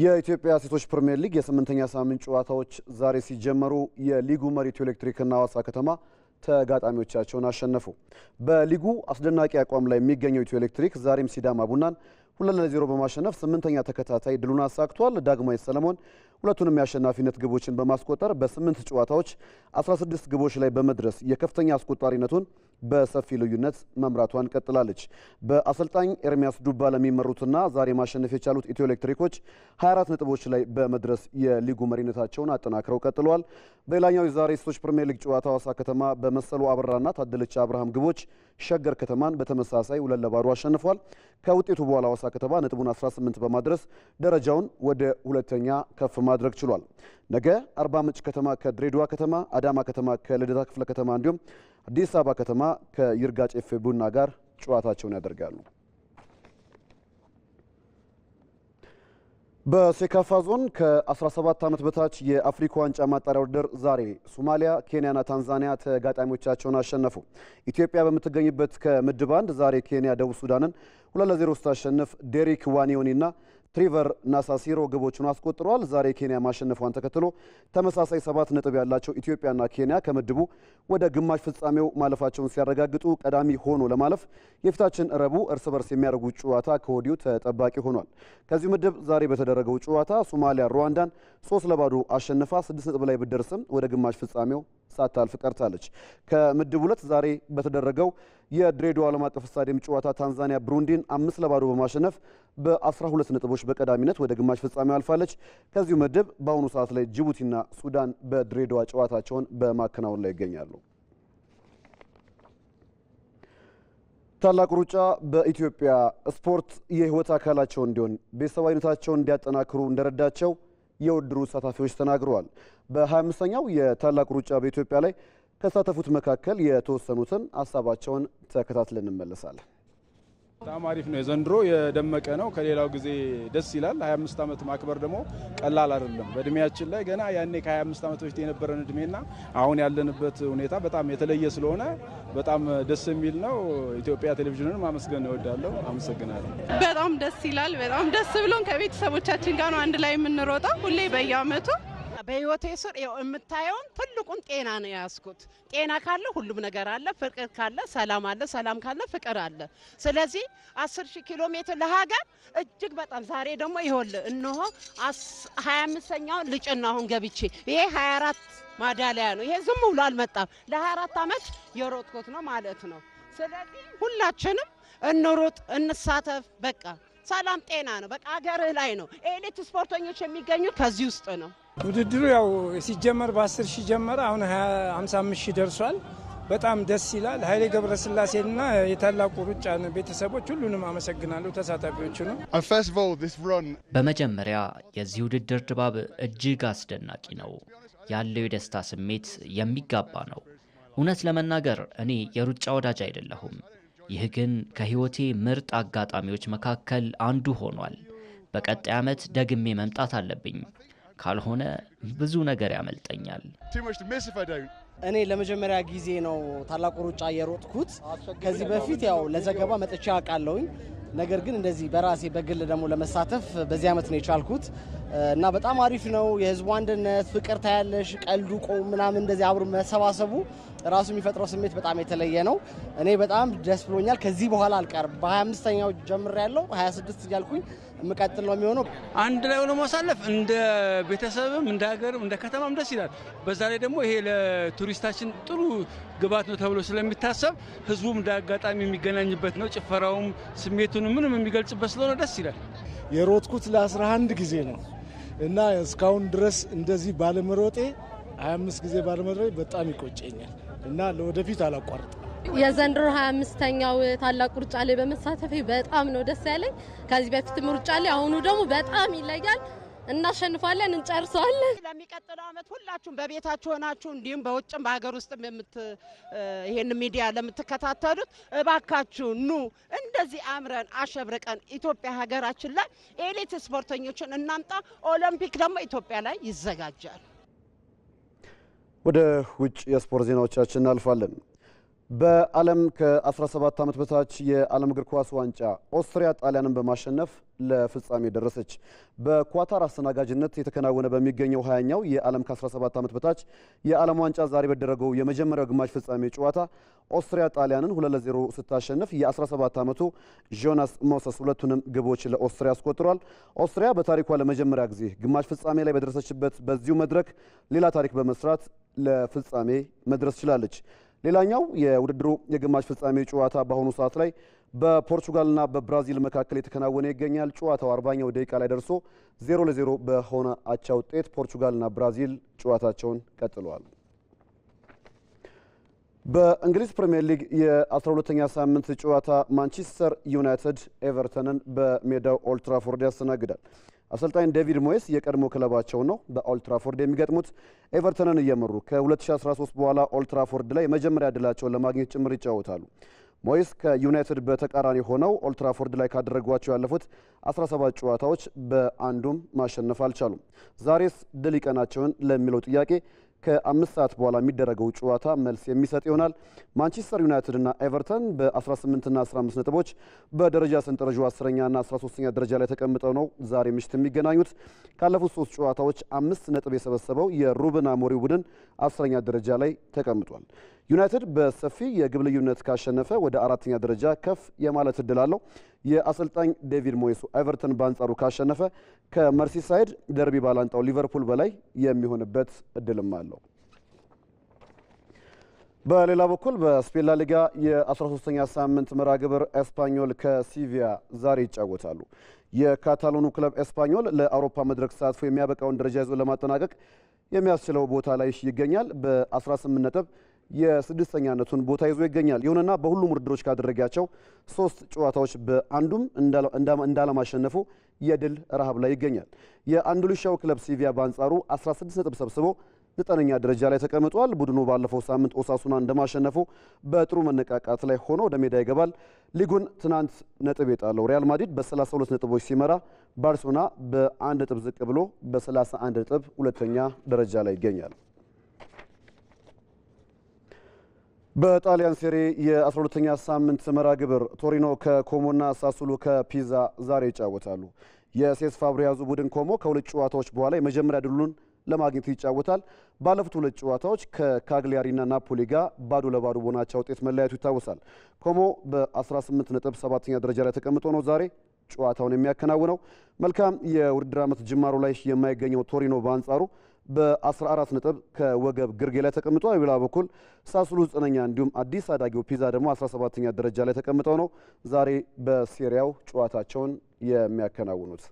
የኢትዮጵያ ሴቶች ፕሪምየር ሊግ የስምንተኛ ሳምንት ጨዋታዎች ዛሬ ሲጀመሩ የሊጉ መሪ ኢትዮ ኤሌክትሪክና ሐዋሳ ከተማ ተጋጣሚዎቻቸውን አሸነፉ። በሊጉ አስደናቂ አቋም ላይ የሚገኘው ኢትዮ ኤሌክትሪክ ዛሬም ሲዳማ ቡናን ሁለት ለዜሮ በማሸነፍ ስምንተኛ ተከታታይ ድሉን አሳክቷል። ዳግማዊ ሰለሞን ሁለቱንም የአሸናፊነት ግቦችን በማስቆጠር በስምንት ጨዋታዎች 16 ግቦች ላይ በመድረስ የከፍተኛ አስቆጣሪነቱን በሰፊ ልዩነት መምራቷን ቀጥላለች። በአሰልጣኝ ኤርሚያስ ዱባ ለሚመሩትና ዛሬ ማሸነፍ የቻሉት ኢትዮ ኤሌክትሪኮች 24 ነጥቦች ላይ በመድረስ የሊጉ መሪነታቸውን አጠናክረው ቀጥለዋል። በሌላኛው የዛሬ ሴቶች ፕሪምየር ሊግ ጨዋታ ሐዋሳ ከተማ በመሰሉ አብራና ታደለች አብርሃም ግቦች ሸገር ከተማን በተመሳሳይ ሁለት ለባዶ አሸንፏል። ከውጤቱ በኋላ ሐዋሳ ከተማ ነጥቡን 18 በማድረስ ደረጃውን ወደ ሁለተኛ ከፍ ማድረግ ችሏል። ነገ አርባ ምንጭ ከተማ ከድሬዳዋ ከተማ፣ አዳማ ከተማ ከልደታ ክፍለ ከተማ እንዲሁም አዲስ አበባ ከተማ ከይርጋ ጨፌ ቡና ጋር ጨዋታቸውን ያደርጋሉ። በሴካፋ ዞን ከ17 ዓመት በታች የአፍሪካ ዋንጫ ማጣሪያ ውድድር ዛሬ ሶማሊያ፣ ኬንያና ታንዛኒያ ተጋጣሚዎቻቸውን አሸነፉ። ኢትዮጵያ በምትገኝበት ከምድብ አንድ ዛሬ ኬንያ ደቡብ ሱዳንን ሁለት ለዜሮ ስታሸንፍ ዴሪክ ዋኒዮኒና ትሪቨር ናሳሲሮ ግቦቹን አስቆጥረዋል። ዛሬ ኬንያ ማሸነፏን ተከትሎ ተመሳሳይ ሰባት ነጥብ ያላቸው ኢትዮጵያና ኬንያ ከምድቡ ወደ ግማሽ ፍጻሜው ማለፋቸውን ሲያረጋግጡ ቀዳሚ ሆኖ ለማለፍ የፊታችን ረቡ እርስ በርስ የሚያደርጉ ጨዋታ ከወዲሁ ተጠባቂ ሆኗል። ከዚሁ ምድብ ዛሬ በተደረገው ጨዋታ ሶማሊያ ሩዋንዳን ሶስት ለባዶ አሸንፋ ስድስት ነጥብ ላይ ብደርስም ወደ ግማሽ ፍጻሜው ሳታልፍ ቀርታለች። ከምድብ ሁለት ዛሬ በተደረገው የድሬዳዋ ዓለም አቀፍ ስታዲየም ጨዋታ ታንዛኒያ ብሩንዲን አምስት ለባዶ በማሸነፍ በ12 ነጥቦች በቀዳሚነት ወደ ግማሽ ፍጻሜ አልፋለች። ከዚሁ ምድብ በአሁኑ ሰዓት ላይ ጅቡቲና ሱዳን በድሬዳዋ ጨዋታቸውን በማከናወን ላይ ይገኛሉ። ታላቁ ሩጫ በኢትዮጵያ ስፖርት የህይወት አካላቸው እንዲሆን ቤተሰባዊነታቸውን እንዲያጠናክሩ እንደረዳቸው የውድድሩ ተሳታፊዎች ተናግረዋል። በ25ኛው የታላቁ ሩጫ በኢትዮጵያ ላይ ከተሳተፉት መካከል የተወሰኑትን ሀሳባቸውን ተከታትለን እንመለሳለን። በጣም አሪፍ ነው። የዘንድሮ የደመቀ ነው፣ ከሌላው ጊዜ ደስ ይላል። 25 ዓመት ማክበር ደግሞ ቀላል አይደለም። በእድሜያችን ላይ ገና ያኔ ከ25 ዓመት በፊት የነበረን እድሜና አሁን ያለንበት ሁኔታ በጣም የተለየ ስለሆነ በጣም ደስ የሚል ነው። ኢትዮጵያ ቴሌቪዥንን ማመስገን እወዳለሁ። አመሰግናለሁ። በጣም ደስ ይላል። በጣም ደስ ብሎን ከቤተሰቦቻችን ጋር ነው አንድ ላይ የምንሮጠው ሁሌ በየአመቱ በህይወቴ ስር የምታየውን ትልቁን ጤና ነው የያዝኩት። ጤና ካለ ሁሉም ነገር አለ። ፍቅር ካለ ሰላም አለ። ሰላም ካለ ፍቅር አለ። ስለዚህ 10 ሺህ ኪሎ ሜትር ለሀገር እጅግ በጣም ዛሬ ደግሞ ይሆል እነሆ 25 አምስተኛውን ልጭና አሁን ገብቼ ይሄ 24 ማዳሊያ ነው። ይሄ ዝም ብሎ አልመጣም። አራት አመት የሮጥኩት ነው ማለት ነው። ስለዚህ ሁላችንም እንሩጥ፣ እንሳተፍ በቃ ሰላም ጤና ነው። በቃ ሀገር ላይ ነው። ኤሊት ስፖርተኞች የሚገኙት ከዚህ ውስጥ ነው። ውድድሩ ያው ሲጀመር በ10 ሺህ ጀመረ። አሁን 55 ሺህ ደርሷል። በጣም ደስ ይላል። ኃይሌ ገብረስላሴና የታላቁ ሩጫ ቤተሰቦች ሁሉንም አመሰግናለሁ፣ ተሳታፊዎቹ ነው። በመጀመሪያ የዚህ ውድድር ድባብ እጅግ አስደናቂ ነው። ያለው የደስታ ስሜት የሚጋባ ነው። እውነት ለመናገር እኔ የሩጫ ወዳጅ አይደለሁም ይህ ግን ከሕይወቴ ምርጥ አጋጣሚዎች መካከል አንዱ ሆኗል። በቀጣይ ዓመት ደግሜ መምጣት አለብኝ፣ ካልሆነ ብዙ ነገር ያመልጠኛል። እኔ ለመጀመሪያ ጊዜ ነው ታላቁ ሩጫ የሮጥኩት። ከዚህ በፊት ያው ለዘገባ መጥቼ አውቃለሁኝ። ነገር ግን እንደዚህ በራሴ በግል ደግሞ ለመሳተፍ በዚህ ዓመት ነው የቻልኩት። እና በጣም አሪፍ ነው። የህዝቡ አንድነት ፍቅር ታያለሽ። ቀልዱ ቆም ምናምን እንደዚህ አብሮ መሰባሰቡ ራሱ የሚፈጥረው ስሜት በጣም የተለየ ነው። እኔ በጣም ደስ ብሎኛል። ከዚህ በኋላ አልቀርም። በ25ኛው ጀምር ያለው 26 እያልኩኝ የምቀጥል ነው የሚሆነው። አንድ ላይ ሆኖ ማሳለፍ እንደ ቤተሰብም እንደ ሀገርም እንደ ከተማም ደስ ይላል። በዛ ላይ ደግሞ ይሄ ለቱሪስታችን ጥሩ ግባት ነው ተብሎ ስለሚታሰብ ህዝቡም እንደ አጋጣሚ የሚገናኝበት ነው። ጭፈራውም ስሜቱን ምንም የሚገልጽበት ስለሆነ ደስ ይላል። የሮጥኩት ለ11 ጊዜ ነው እና እስካሁን ድረስ እንደዚህ ባለመሮጤ 25 ጊዜ ባለመሮ በጣም ይቆጨኛል እና ለወደፊት አላቋርጥም። የዘንድሮ 25ኛው ታላቅ ሩጫ ላይ በመሳተፌ በጣም ነው ደስ ያለኝ። ከዚህ በፊትም ሩጫ ላይ አሁኑ ደግሞ በጣም ይለያል። እናሸንፋለን፣ እንጨርሰዋለን። ለሚቀጥለው ዓመት ሁላችሁም በቤታችሁ ሆናችሁ እንዲሁም በውጭም በሀገር ውስጥም ይሄን ሚዲያ ለምትከታተሉት እባካችሁ ኑ እንደዚህ አምረን አሸብርቀን ኢትዮጵያ ሀገራችን ላይ ኤሊት ስፖርተኞችን እናምጣ። ኦሎምፒክ ደግሞ ኢትዮጵያ ላይ ይዘጋጃል። ወደ ውጭ የስፖርት ዜናዎቻችን እናልፋለን። በዓለም ከ17 ዓመት በታች የዓለም እግር ኳስ ዋንጫ ኦስትሪያ ጣሊያንን በማሸነፍ ለፍጻሜ ደረሰች። በኳታር አስተናጋጅነት የተከናወነ በሚገኘው ሀያኛው የዓለም ከ17 ዓመት በታች የዓለም ዋንጫ ዛሬ በደረገው የመጀመሪያው ግማሽ ፍጻሜ ጨዋታ ኦስትሪያ ጣሊያንን 2 ለ0 ስታሸንፍ የ17 ዓመቱ ጆናስ ሞሰስ ሁለቱንም ግቦች ለኦስትሪያ አስቆጥሯል። ኦስትሪያ በታሪኳ ለመጀመሪያ ጊዜ ግማሽ ፍጻሜ ላይ በደረሰችበት በዚሁ መድረክ ሌላ ታሪክ በመስራት ለፍጻሜ መድረስ ችላለች። ሌላኛው የውድድሩ የግማሽ ፍጻሜ ጨዋታ በአሁኑ ሰዓት ላይ በፖርቹጋልና በብራዚል መካከል የተከናወነ ይገኛል። ጨዋታው አርባኛው ደቂቃ ላይ ደርሶ ዜሮ ለዜሮ በሆነ አቻ ውጤት ፖርቹጋልና ብራዚል ጨዋታቸውን ቀጥለዋል። በእንግሊዝ ፕሪምየር ሊግ የ12ኛ ሳምንት ጨዋታ ማንቸስተር ዩናይትድ ኤቨርተንን በሜዳው ኦልትራፎርድ ያስተናግዳል። አሰልጣኝ ዴቪድ ሞየስ የቀድሞ ክለባቸው ነው በኦልትራፎርድ የሚገጥሙት። ኤቨርተንን እየመሩ ከ2013 በኋላ ኦልትራፎርድ ላይ የመጀመሪያ ድላቸውን ለማግኘት ጭምር ይጫወታሉ። ሞይስ ከዩናይትድ በተቃራኒ ሆነው ኦልትራፎርድ ላይ ካደረጓቸው ያለፉት 17 ጨዋታዎች በአንዱም ማሸነፍ አልቻሉም። ዛሬስ ድል ይቀናቸውን ለሚለው ጥያቄ ከአምስት ሰዓት በኋላ የሚደረገው ጨዋታ መልስ የሚሰጥ ይሆናል። ማንቸስተር ዩናይትድ እና ኤቨርተን በ18 እና 15 ነጥቦች በደረጃ ሰንጠረዡ 10ኛ እና 13ኛ ደረጃ ላይ ተቀምጠው ነው ዛሬ ምሽት የሚገናኙት። ካለፉት ሶስት ጨዋታዎች አምስት ነጥብ የሰበሰበው የሩበን አሞሪም ቡድን 10ኛ ደረጃ ላይ ተቀምጧል። ዩናይትድ በሰፊ የግብ ልዩነት ካሸነፈ ወደ አራተኛ ደረጃ ከፍ የማለት እድል አለው። የአሰልጣኝ ዴቪድ ሞይሱ ኤቨርተን በአንጻሩ ካሸነፈ ከመርሲሳይድ ደርቢ ባላንጣው ሊቨርፑል በላይ የሚሆንበት እድልም አለው። በሌላ በኩል በስፔን ላሊጋ የ13ኛ ሳምንት መርሃ ግብር ኤስፓኞል ከሲቪያ ዛሬ ይጫወታሉ። የካታሎኑ ክለብ ኤስፓኞል ለአውሮፓ መድረክ ተሳትፎ የሚያበቃውን ደረጃ ይዞ ለማጠናቀቅ የሚያስችለው ቦታ ላይ ይገኛል በ18 ነጥብ የስድስተኛነቱን ቦታ ይዞ ይገኛል። ይሁንና በሁሉም ውድድሮች ካደረጋቸው ሶስት ጨዋታዎች በአንዱም እንዳለማሸነፉ የድል ረሃብ ላይ ይገኛል። የአንዱሊሻው ክለብ ሲቪያ በአንጻሩ 16 ነጥብ ሰብስቦ ዘጠነኛ ደረጃ ላይ ተቀምጧል። ቡድኑ ባለፈው ሳምንት ኦሳሱና እንደማሸነፉ በጥሩ መነቃቃት ላይ ሆኖ ወደ ሜዳ ይገባል። ሊጉን ትናንት ነጥብ የጣለው ሪያል ማድሪድ በ32 ነጥቦች ሲመራ፣ ባርሴሎና በአንድ ነጥብ ዝቅ ብሎ በ31 ነጥብ ሁለተኛ ደረጃ ላይ ይገኛል። በጣሊያን ሴሪ የ12ኛ ሳምንት መርሃ ግብር ቶሪኖ ከኮሞና ሳሱሉ ከፒዛ ዛሬ ይጫወታሉ። የሴስ ፋብሪያዙ ቡድን ኮሞ ከሁለት ጨዋታዎች በኋላ የመጀመሪያ ድሉን ለማግኘት ይጫወታል። ባለፉት ሁለት ጨዋታዎች ከካግሊያሪና ናፖሊ ጋር ባዶ ለባዶ በሆናቸው ውጤት መለያየቱ ይታወሳል። ኮሞ በ18 ነጥብ ሰባተኛ ደረጃ ላይ ተቀምጦ ነው ዛሬ ጨዋታውን የሚያከናውነው። መልካም የውድድር ዓመት ጅማሮ ላይ የማይገኘው ቶሪኖ በአንጻሩ በ14 ነጥብ ከወገብ ግርጌ ላይ ተቀምጧል። በሌላ በኩል ሳሱሉ ዘጠነኛ እንዲሁም አዲስ አዳጊው ፒዛ ደግሞ 17ኛ ደረጃ ላይ ተቀምጠው ነው ዛሬ በሴሪያው ጨዋታቸውን የሚያከናውኑት።